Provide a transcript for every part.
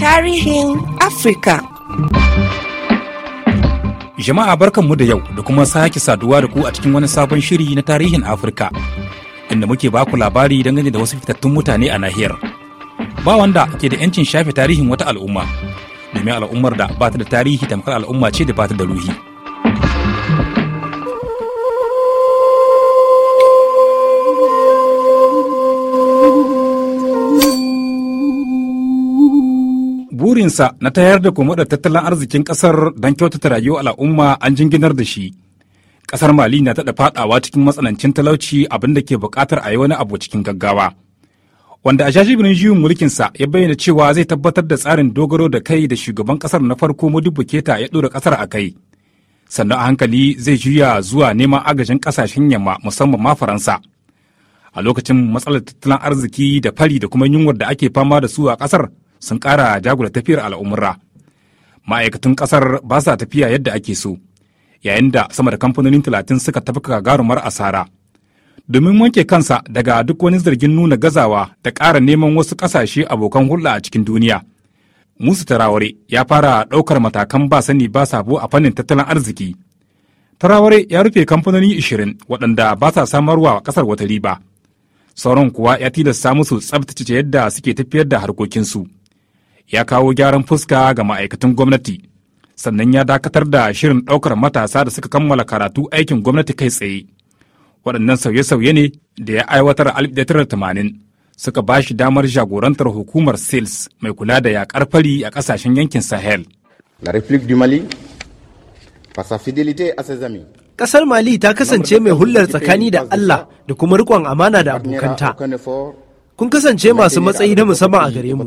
Tarihin Afrika Jama'a barkanmu da yau da kuma sake saduwa da ku a cikin wani sabon shiri na tarihin Afirka inda muke baku labari dangane da wasu fitattun mutane a nahiyar. Ba wanda ke da 'yancin shafe tarihin wata al'umma, domin al'ummar da ba ta da tarihi tamkar al'umma ce da ba ta da ruhi. Burinsa na tayar da komadar tattalin arzikin kasar don kyautata rayuwar al'umma an jinginar da shi. kasar Mali na taɗa faɗawa cikin matsanancin talauci abin da ke buƙatar a yi wani abu cikin gaggawa. Wanda a birnin juyin mulkinsa ya bayyana cewa zai tabbatar da tsarin dogaro da kai da shugaban kasar na farko Modibo Keta ya ɗora kasar a kai. Sannan a hankali zai juya zuwa neman agajin ƙasashen yamma musamman ma Faransa. a lokacin matsalar tattalin arziki da fari da kuma yunwar da ake fama da su a kasar. sun ƙara jagora tafiyar al'umura ma'aikatan ƙasar ba sa tafiya yadda ake so yayin da sama da kamfanonin talatin suka tafi gagarumar asara domin wanke kansa daga duk wani zargin nuna gazawa da ƙara neman wasu ƙasashe abokan hulɗa a cikin duniya musu taraware ya fara ɗaukar matakan ba sani ba sabo a fannin tattalin arziki taraware ya rufe kamfanoni ashirin waɗanda ba sa samarwa ƙasar wata riba sauran kuwa ya tilasta musu tsabtace yadda suke tafiyar da harkokinsu ya kawo gyaran fuska ga ma'aikatan gwamnati sannan ya dakatar da shirin ɗaukar matasa da suka kammala karatu aikin gwamnati kai tsaye waɗannan sauye-sauye ne da ya aiwatar a 1980 suka ba shi damar jagorantar hukumar sales mai kula da yaƙar fari a ƙasashen yankin sahel ƙasar mali ta kasance mai hular tsakani da allah da kuma rikon amana da abokanta kun kasance masu matsayi na musamman a gare mu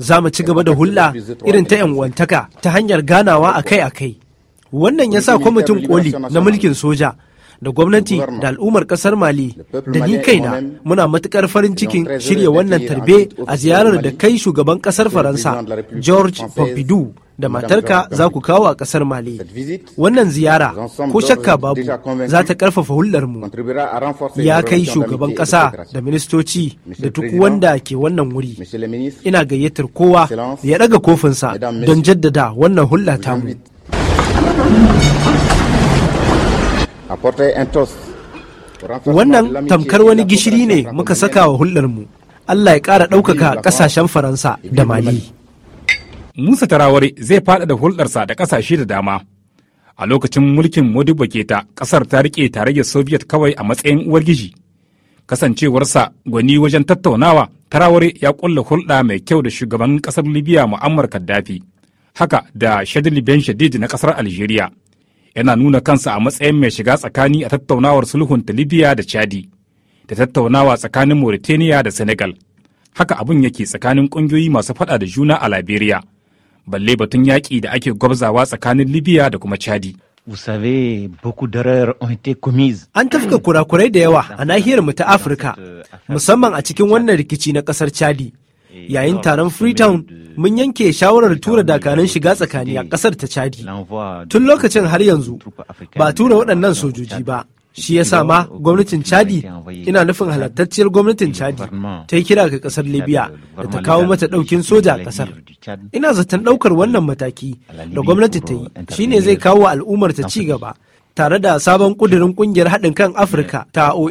za mu ci gaba da hulɗa irin ta 'yan ta hanyar ganawa akai-akai. Wannan ya sa kwamitin koli na mulkin soja da gwamnati da al'ummar kasar mali da ni kaina muna matukar farin cikin shirya wannan tarbe a ziyarar da kai shugaban kasar faransa george pompidou da matarka za ku kawo a kasar Mali. Wannan ziyara ko shakka babu za ta ƙarfafa hulɗarmu. Ya kai shugaban ƙasa da ministoci da duk wanda ke wannan wuri. Ina gayyatar kowa ya ɗaga kofinsa don jaddada wannan hulɗa tamu. Wannan tamkar wani gishiri ne muka saka wa hulɗarmu. Allah ya ƙara ɗaukaka ƙasashen Faransa da Mali. Musa Taraware zai faɗaɗa hulɗarsa da ƙasashe da dama. A lokacin mulkin Modibo Keta, ƙasar ta riƙe tarayyar Soviet kawai a matsayin uwar giji. Kasancewarsa gwani wajen tattaunawa, Taraware ya ƙulla hulɗa mai kyau da shugaban ƙasar Libya Muammar kaddafi haka da Shadli Ben Shadid na ƙasar Algeria. yana nuna kansa a matsayin mai shiga tsakani a tattaunawar sulhunta libya da chadi da tattaunawa tsakanin mauritania da senegal haka abin yake tsakanin ƙungiyoyi masu fada da juna a liberia balle batun yaƙi da ake gwabzawa tsakanin libya da kuma chadi An tafka kurakurai da yawa a nahiyar mu ta Afirka, euh, musamman a cikin wannan rikici na ƙasar Chadi. Eh, yayin taron freetown mun yanke shawarar tura dakarun shiga tsakani a ƙasar ta chadi tun lokacin har yanzu ba tura waɗannan sojoji ba shi yasa ma gwamnatin chadi ina nufin halattacciyar gwamnatin chadi ta yi kira ga ƙasar libya da ta kawo mata ɗaukin soja a kasar ina zaton ɗaukar wannan mataki da gwamnati ta yi shine zai kawo al'ummar ta ci gaba tare da sabon kudirin kungiyar haɗin kan afirka ta oau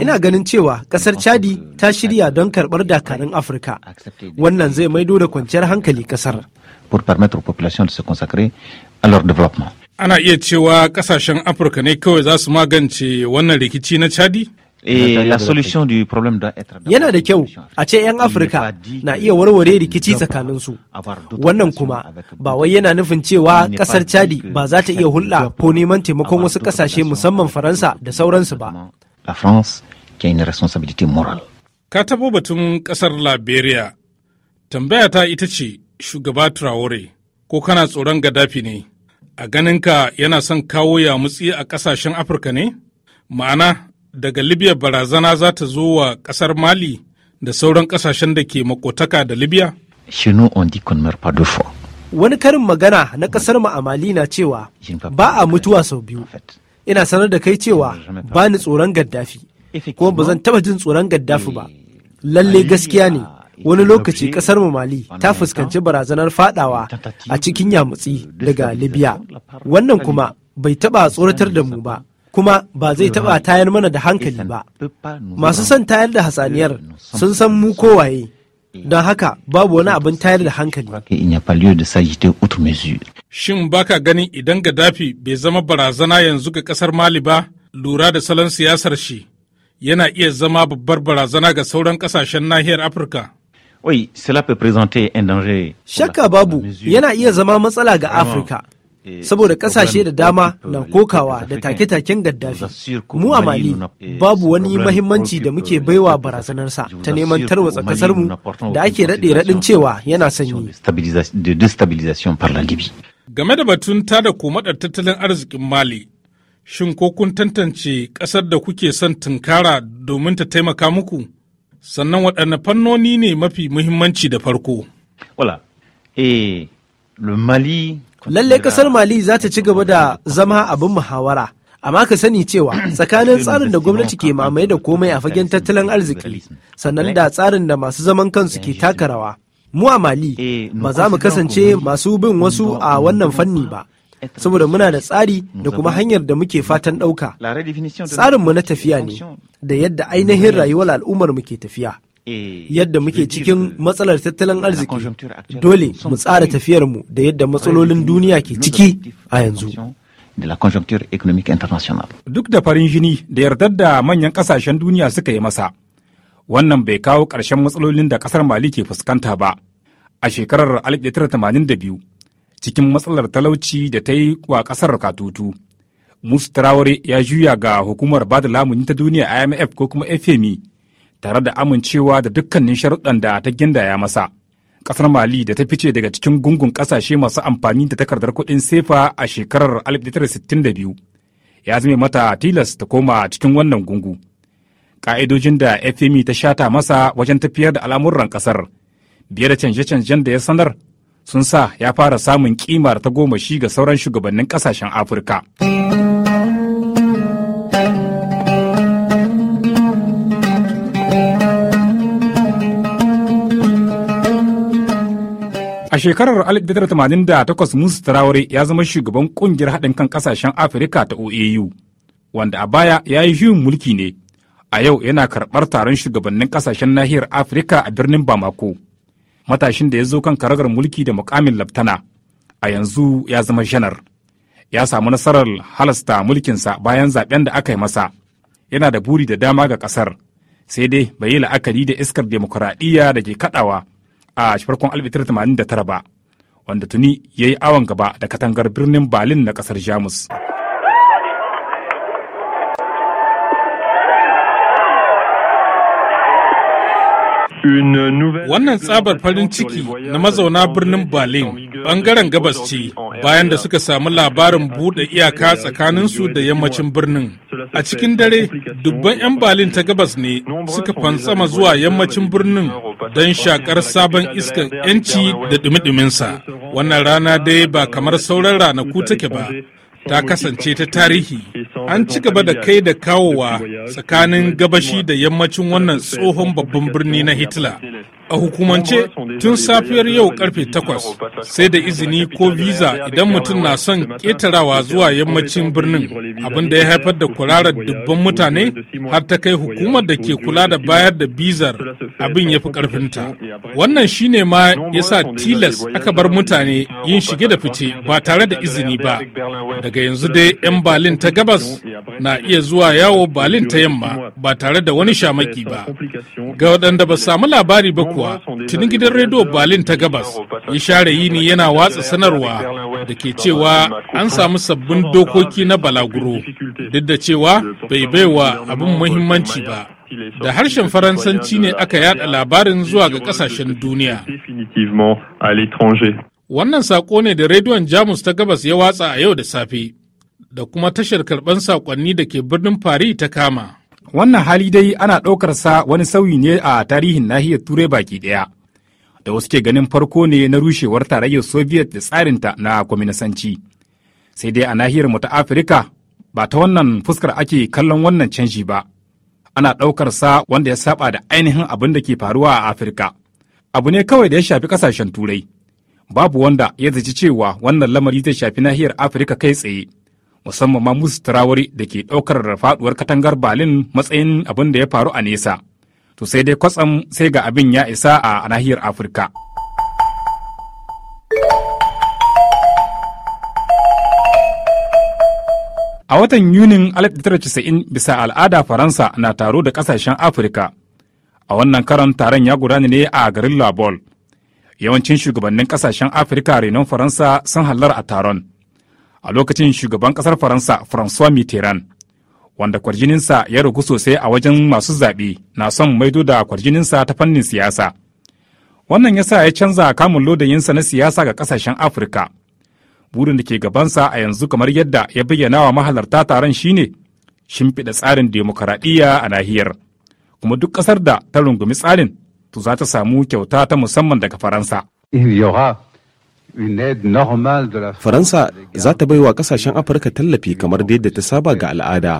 ina ganin cewa ƙasar chadi ta shirya don karɓar dakarun afirka wannan zai maido da kwanciyar hankali ƙasar ana iya cewa ƙasashen afirka ne kawai za su magance wannan rikici na chadi Eh, la solution du problème doit Yana da kyau a ce 'yan Afirka na iya warware rikici tsakanin su Wannan kuma ba wai yana nufin cewa kasar Chadi ba za ta iya hulɗa ko neman taimakon wasu kasashe musamman Faransa da sauransu ba. La France qui a une responsabilité morale. Ka tabo batun kasar Liberia. Tambaya ta ita ce shugaba Traore ko kana tsoron Gaddafi ne? A ganinka yana son kawo yamutsi a kasashen Afirka ne? Ma'ana daga libya barazana za ta zo wa kasar mali da sauran kasashen da ke makotaka da libya wani karin magana na kasar mu a mali na cewa ba a mutuwa sau biyu ina sanar da kai cewa ba ni tsoron gaddafi kuma ba zan taba jin tsoron gaddafi ba lalle gaskiya ne wani lokaci kasar mu mali ta fuskanci barazanar fadawa a cikin yamutsi daga libya wannan kuma bai taba tsoratar da mu ba kuma ba zai taɓa tayar mana da hankali ba masu son tayar da hasaniyar sun san mu kowaye don haka babu wani abin tayar da hankali shin baka ganin idan gaddafi bai zama barazana yanzu ga kasar mali ba lura da salon siyasar shi yana iya zama babbar barazana ga sauran kasashen nahiyar afirka Shakka babu yana iya zama matsala ga Afirka, saboda kasashe eh, da dama na kokawa da take-taken gaddafi mu a mali babu wani mahimmanci da muke baiwa barazanarsa ta neman tarwatsa kasarmu da ake raɗe raɗin cewa yana sanyi game da batun tada komaɗar tattalin arzikin mali shin ko kun tantance ƙasar da kuke son tunkara domin ta taimaka muku sannan waɗanne fannoni ne mafi muhimmanci da farko Eh Et le Mali Lalle kasar Mali za ta ci gaba da zama abin muhawara. Amma ka sani cewa tsakanin tsarin da gwamnati ke mamaye da komai a fagen tattalin arziki sannan da tsarin da masu zaman kansu ke taka rawa. Mu a Mali eh, ba za mu kasance masu bin wasu a wannan fanni ba. saboda muna da tsari da kuma hanyar da muke fatan ɗauka. Tsarinmu na tafiya ne da yadda ainihin rayuwar al'ummar mu ke tafiya. yadda muke cikin matsalar tattalin arziki dole mu tsara tafiyarmu da yadda matsalolin duniya ke ciki a yanzu. Duk da farin jini da yardar da manyan kasashen duniya suka yi masa, wannan bai kawo ƙarshen matsalolin da ƙasar Mali ke fuskanta ba. A shekarar 1982, cikin matsalar talauci da ta yi wa ƙasar katutu, Musu Traore ya juya ga hukumar bada lamuni ta duniya IMF ko kuma FMI e tare da amincewa da dukkanin sharuɗan da ta gindaya masa. Ƙasar Mali da ta fice daga cikin gungun ƙasashe masu amfani da takardar kuɗin sefa a shekarar 1962 ya zame mata tilas ta koma cikin wannan gungu. Ƙa'idojin da FMI e ta shata masa wajen tafiyar da al'amuran ƙasar biye da canje-canjen da ya sanar sun sa ya fara samun kimar ta goma shi ga sauran shugabannin ƙasashen Afirka. A shekarar 1988 Musa Traore ya zama shugaban kungiyar haɗin kan ƙasashen Afirka ta OAU, wanda a baya ya yi shirin mulki ne. A yau yana karɓar taron shugabannin ƙasashen nahiyar Afirka a birnin Bamako. Matashin da ya zo kan karagar mulki da mukamin laftana, a yanzu ya zama shanar. Ya samu nasarar halasta mulkinsa bayan zaben da aka yi masa. Yana da buri da dama ga ƙasar, sai dai bai yi la'akari da iskar demokuraɗiyya da ke kaɗawa. a farkon tara ba wanda tuni ya yi awon gaba da katangar birnin berlin na kasar jamus Wannan tsabar farin ciki na mazauna birnin Berlin bangaren gabas ce bayan da suka samu labarin buɗe iyaka tsakaninsu da yammacin birnin. A cikin dare, dubban 'yan Berlin ta gabas ne suka fantsama zuwa yammacin birnin don shakar sabon iskan 'yanci da ɗumi-ɗuminsa. Wannan rana dai ba kamar sauran ranaku take ba. ta kasance ta tarihi an ci gaba da kai da kawowa tsakanin gabashi da yammacin wannan tsohon babban birni na hitler a hukumance tun safiyar yau karfe 8 sai da izini ko visa idan mutum na son ƙetarawa zuwa yammacin birnin abin da ya haifar da kurarar dubban mutane har ta kai hukumar da ke kula da bayar da bizar abin ya fi karfinta wannan shine ma ya sa tilas aka bar mutane yin shige da fice ba tare da izini ba daga yanzu dai 'yan balin ta gabas na iya zuwa yawo balin ta yamma ba tare da wani shamaki ba ga waɗanda ba samu labari ba kuwa tuni gidan rediyo berlin ta gabas ya share yini yana watsa sanarwa da ke cewa an samu sabbin dokoki na balaguro duk da cewa bai baiwa abin muhimmanci ba da harshen faransanci ne aka yada labarin zuwa ga kasashen duniya wannan sako ne da rediyon jamus ta gabas ya watsa a yau da safe da kuma tashar karɓar sakonni da ke birnin paris ta kama Wannan hali dai ana ɗaukar sa wani sauyi ne a tarihin nahiyar Turai baki ɗaya, da wasu ke ganin farko ne na rushewar tarayyar Soviet da tsarinta na kwaminisanci. Sai dai a nahiyar mu ta Afirka ba ta wannan fuskar ake kallon wannan canji ba. Ana ɗaukar sa wanda ya saba da ainihin abin da ke faruwa a Afirka. Abu ne kawai da ya shafi ƙasashen Turai. Babu wanda ya zaci cewa wannan lamari zai shafi nahiyar Afirka kai tsaye. musamman ma musu turawari da ke ɗaukar faɗuwar katangar Berlin matsayin abin da ya faru a nesa. To sai dai kwatsam sai ga abin ya isa a nahiyar Afirka. A watan Yunin 1990 bisa al'ada Faransa na taro da ƙasashen Afirka. A wannan karon taron ya gudana ne a garin Labol. Yawancin shugabannin ƙasashen Afirka renon Faransa sun hallar a taron. a lokacin shugaban kasar Faransa François Mitterrand, wanda kwarjininsa ya ragu sosai a wajen masu zaɓe na son maido da kwarjininsa ta fannin siyasa. Wannan ya sa ya canza kamun lodayinsa na siyasa ga kasashen Afirka. Burin da ke gabansa a yanzu kamar yadda ya bayyana wa mahalarta taron shine shimfiɗa tsarin demokaradiyya a nahiyar. Kuma duk ƙasar da ta rungumi tsarin to za ta samu kyauta ta musamman daga Faransa. Faransa za ta baiwa kasashen Afirka tallafi kamar yadda ta saba ga al'ada,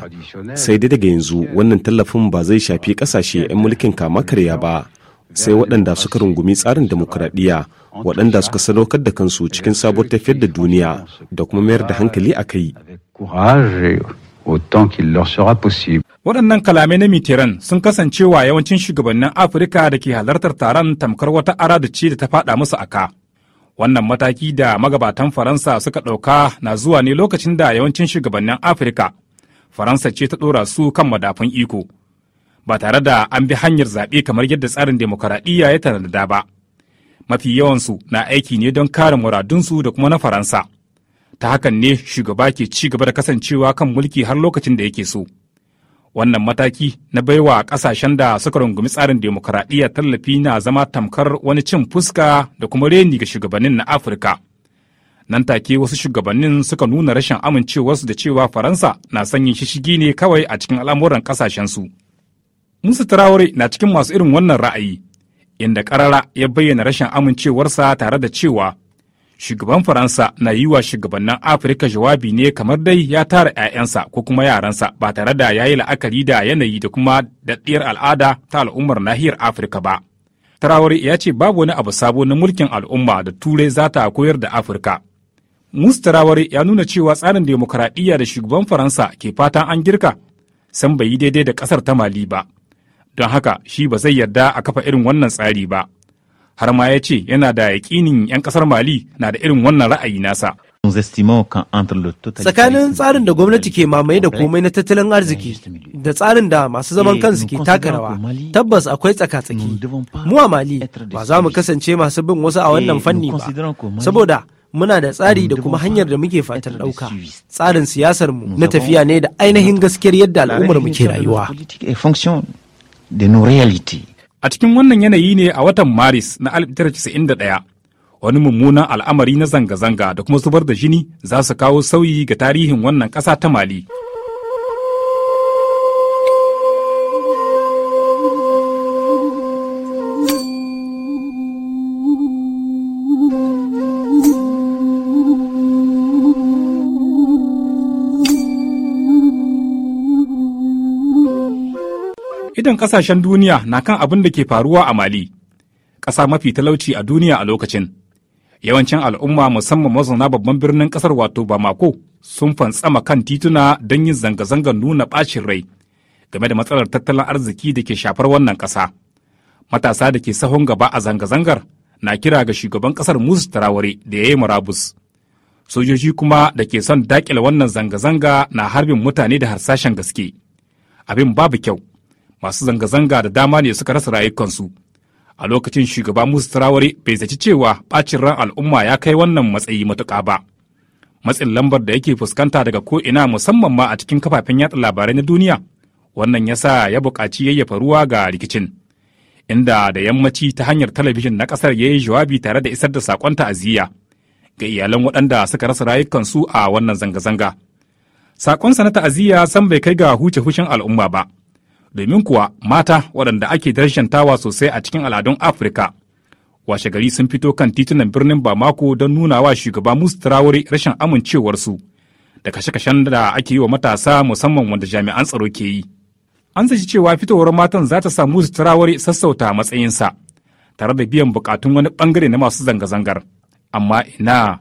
sai dai daga yanzu wannan tallafin ba zai shafi kasashe 'yan mulkin kama karya ba, sai waɗanda suka rungumi tsarin demokuraɗiyya waɗanda suka sadaukar da kansu cikin sabuwar tafiyar da duniya da kuma mayar da hankali a kai. Waɗannan kalamai na Mitterrand sun kasancewa yawancin shugabannin Afirka da ke halartar taron tamkar wata aradace da ta faɗa musu aka. Wannan mataki da magabatan Faransa suka ɗauka na zuwa ne lokacin da yawancin shugabannin Afirka, Faransa ce ta ɗora su kan madafun iko, ba tare da an bi hanyar zaɓe kamar yadda tsarin demokaraɗiyya ya tanada ba. Mafi yawansu na aiki ne don kare muradunsu da kuma na Faransa. Ta hakan ne shugaba ke ci gaba da kasancewa kan mulki har lokacin da yake so. wannan mataki na baiwa kasashen da suka rungumi tsarin demokuraɗiyya tallafi na zama tamkar wani cin fuska da kuma reni ga shugabannin na afirka nan take wasu shugabannin suka nuna rashin amincewarsu da cewa faransa na sanyin shishigi ne kawai a cikin al'amuran kasashensu musu traore na cikin masu irin wannan ra'ayi inda karara ya bayyana rashin amincewarsa tare da cewa shugaban faransa na yi wa shugabannin afirka jawabi ne kamar dai ya tara 'ya'yansa ko kuma yaransa ba tare da ya yi la'akari da yanayi da kuma daɗiyar al'ada ta al'ummar nahiyar afirka ba tarawari ya ce babu wani abu sabo na mulkin al'umma da turai za ta koyar da afirka mustarawari ya nuna cewa tsarin demokaradiyya da shugaban faransa ke fatan an girka san bai yi daidai da ƙasar ta mali ba don haka shi ba zai yarda a kafa irin wannan tsari ba har ma ya ce yana da yaƙinin 'yan ƙasar mali na da irin wannan ra'ayi nasa tsakanin tsarin da gwamnati ke mamaye da komai na tattalin arziki da tsarin da masu zaman kansu ke taka rawa tabbas akwai tsaka-tsaki mu a mali ba za mu kasance masu bin wasu a wannan fanni ba saboda muna da tsari da kuma hanyar da muke fatan ɗauka tsarin siyasar mu na tafiya ne da ainihin gaskiyar yadda al'ummar mu ke rayuwa A cikin wannan yanayi ne a watan Maris na 1991 wani mummunan al'amari na zanga-zanga da kuma zubar da jini za su kawo sauyi ga tarihin wannan ƙasa ta Mali. idan kasashen duniya na kan abin da ke faruwa a mali ƙasa mafi talauci a duniya a lokacin yawancin al'umma musamman mazauna babban birnin ƙasar wato bamako sun fantsama kan tituna don yin zanga-zangar nuna ɓacin rai game da matsalar tattalin arziki da ke shafar wannan ƙasa matasa da ke sahun gaba a zanga-zangar na kira ga shugaban ƙasar musu taraware da ya yi murabus sojoji kuma da ke son daƙile wannan zanga-zanga na harbin mutane da harsashen gaske abin babu kyau masu zanga-zanga da dama ne suka rasa rayukansu a lokacin shugaba musu turawari bai zaci cewa ɓacin ran al'umma ya kai wannan matsayi matuƙa ba matsin lambar da yake fuskanta daga ko ina musamman ma a cikin kafafen yatsa labarai na duniya wannan ya sa ya buƙaci yayyafa ruwa ga rikicin inda da yammaci ta hanyar talabijin na ƙasar ya yi jawabi tare da isar da saƙon ta'aziyya ga iyalan waɗanda suka rasa rayukansu a wannan zanga-zanga. saƙonsa na ta'aziyya san bai kai ga huce hucen al'umma ba, domin kuwa mata waɗanda ake tawa sosai a cikin al'adun afirka washe gari sun fito kan titunan birnin bamako don nuna wa shugaba musu turawari rashin amincewarsu da kashe-kashen da ake yi wa matasa musamman wanda jami'an tsaro ke yi an zaci cewa fitowar matan za ta samu su sassauta matsayinsa tare da biyan bukatun wani bangare na masu zanga-zangar amma ina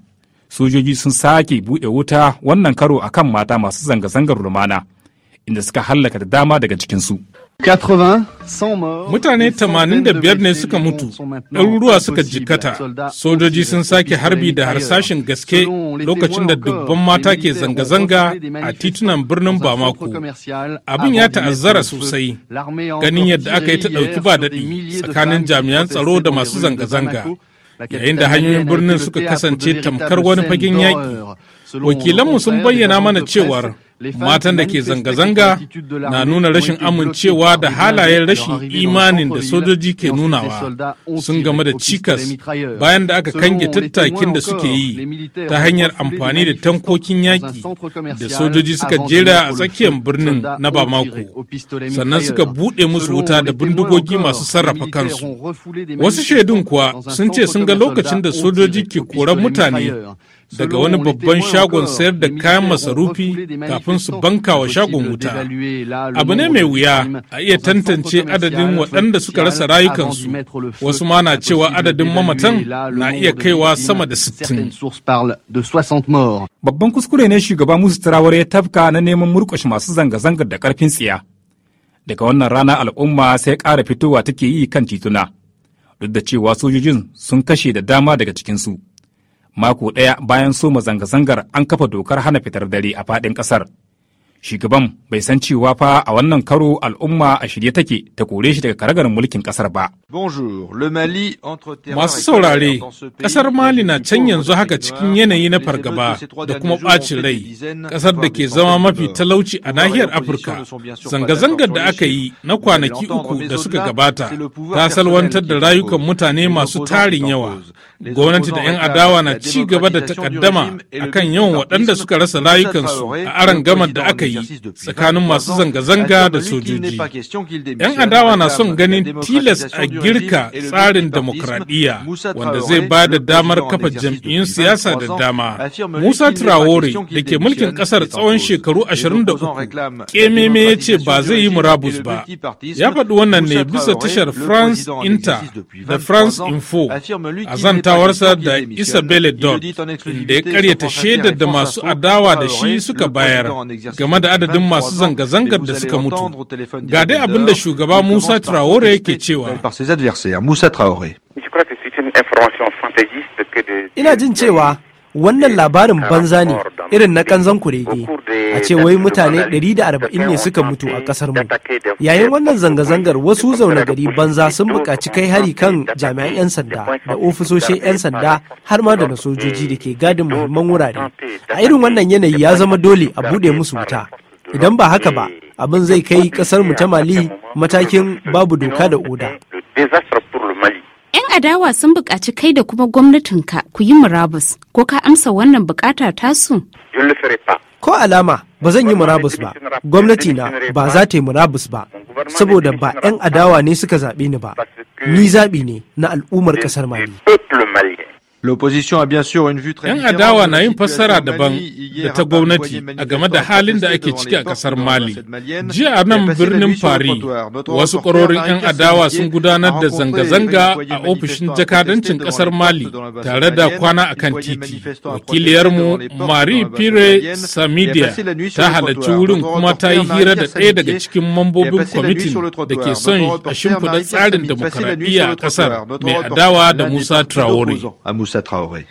sojoji sun sake buɗe wuta wannan karo akan mata masu zanga-zangar lumana. inda suka hallaka da dama daga cikinsu. Mutane biyar ne suka mutu, ɗaruruwa suka jikkata, sojoji sun sake harbi da harsashin gaske lokacin da dubban mata ke zanga-zanga a titunan birnin Bamako. Abin ya ta'azzara sosai, ganin yadda aka yi ta ɗauki ba daɗi tsakanin jami'an tsaro da masu zanga-zanga. yayin da hanyoyin birnin suka kasance tamkar wani fagen yaƙi wakilanmu sun bayyana mana cewar matan da ke zanga-zanga na nuna rashin amincewa da halayen rashin imanin da sojoji ke nunawa sun game da cikas bayan da aka kange tattakin da suke yi ta hanyar amfani da tankokin yaƙi da sojoji suka jera a tsakiyar birnin na bamako sannan suka buɗe musu wuta da bindigogi masu sarrafa kansu wasu shaidun kuwa sun ce sun ga lokacin da sojoji ke koran mutane daga wani babban shagon sayar da kayan masarufi kafin su banka wa shagon wuta abu ne mai wuya a iya tantance adadin waɗanda suka rasa rayukansu wasu ma na cewa adadin mamatan na iya kaiwa sama da 60 babban kuskure ne shugaba musu tarawar ya tafka na neman murƙushe masu zanga zanga da karfin tsiya daga wannan rana al'umma sai ƙara fitowa take yi kan tituna duk da cewa sojojin sun kashe da dama daga cikinsu mako ɗaya bayan soma zanga-zangar an kafa dokar hana fitar dare a faɗin ƙasar. shugaban bai san cewa fa a wannan karo al'umma a shirye take ta kore shi daga karagar mulkin kasar ba. Masu saurare, kasar Mali na can yanzu haka cikin yanayi na fargaba da kuma ɓacin rai, kasar da ke zama mafi talauci a nahiyar Afirka. Zanga-zangar da aka yi na kwanaki uku da suka gabata ta salwantar da rayukan mutane masu tarin yawa. Gwamnati da 'yan adawa na ci gaba da takaddama a kan yawan waɗanda suka rasa rayukansu a aron gamar da aka yi. tsakanin masu zanga-zanga da sojoji. 'Yan adawa na son ganin tilas a girka tsarin demokradiyya wanda zai ba da damar kafa jam'iyyun siyasa da dama. Musa Traore da ke mulkin kasar tsawon shekaru 23 kememe ya ce ba zai yi murabus ba. Ya faɗi wannan ne bisa tashar France Inter da France Info a zantawarsa da Isabelle Dodd da ya karyata shaidar da masu adawa da shi suka bayar game da adadin masu zanga-zangar da suka mutu. Ga dai abin da shugaba Musa Traore yake cewa. Ina jin cewa wannan labarin banza ne irin na kanzan kurege a ce wai mutane 140 ne suka mutu a kasar mu yayin wannan zanga-zangar wasu zaune gari banza sun buƙaci kai hari kan jami'an 'yan sanda da ofisoshin 'yan sanda har ma da na sojoji da ke gadin muhimman wurare a irin wannan yanayi ya zama dole a buɗe musu wuta idan ba haka ba abin zai kai kasar mu ta mali matakin babu doka da oda adawa sun buƙaci kai da kuma gwamnatinka ku yi murabus ko ka amsa wannan buƙata tasu? Ko alama ba zan yi murabus ba, gwamnati na ba za ta yi murabus ba, saboda ba 'yan adawa ne suka zaɓe ni ba, ni zaɓi ne na al'ummar ƙasar Mali. L'opposition a bien sûr une vue très Yan adawa na yin fassara daban da ta gwamnati a game da halin da ake ciki a kasar Mali. Jiya a nan birnin Paris, wasu kwarorin 'yan adawa sun gudanar da zanga-zanga a ofishin jakadancin kasar Mali tare da kwana a kan titi. Wakiliyarmu Marie Pire Samidia ta halarci wurin kuma ta yi hira da ɗaya daga cikin mambobin kwamitin da ke son a shimfiɗa tsarin demokaradiyya a ƙasar mai adawa da Musa Traore. Musa Traoré.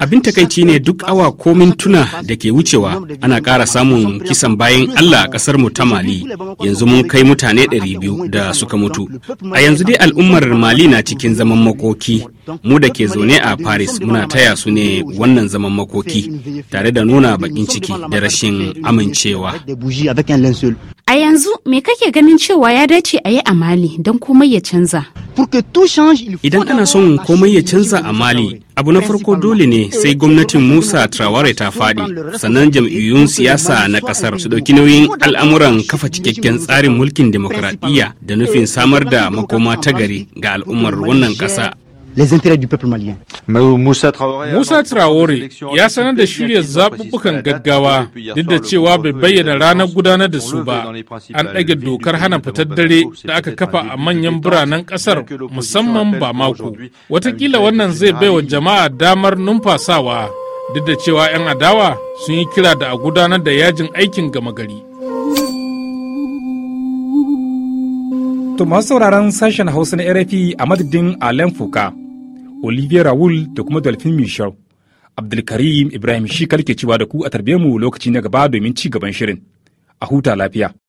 abin takaici ne duk awa ko mintuna da ke wucewa ana ƙara samun kisan bayan Allah a ƙasar mu ta Mali yanzu mun kai mutane 200 da suka mutu. A yanzu dai al'ummar Mali na cikin zaman makoki mu da ke zaune a Paris muna taya su ne wannan zaman makoki tare da nuna bakin ciki da rashin amincewa. A yanzu me kake ganin cewa ya dace a yi a Mali don komai ya canza? Idan ana son komai ya canza a Mali, abu na farko dole ne sai gwamnatin Musa Traore ta faɗi, sannan jam'iyyun siyasa na ƙasar su ɗauki nauyin al'amuran kafa cikakken tsarin mulkin demokuraɗiyya da nufin samar da makoma ta gari ga al'ummar wannan ƙasa les intérêts du peuple malien. Musa Traore ya sanar da shirya zaɓuɓɓukan gaggawa duk da cewa bai bayyana ranar gudanar da su ba. An ɗage dokar hana fitar dare da aka kafa a manyan biranen ƙasar musamman ba mako. Watakila wannan zai baiwa jama'a damar numfasawa duk da cewa 'yan adawa sun yi kira da a gudanar da yajin aikin gama gari. To masu sauraron sashen Hausa na RFI a madadin Alen Fuka. olivier raul da kuma dolphin michel abdulkarim ibrahim shi kalke cewa da ku a tarbe mu lokaci na gaba domin ci gaban shirin a huta lafiya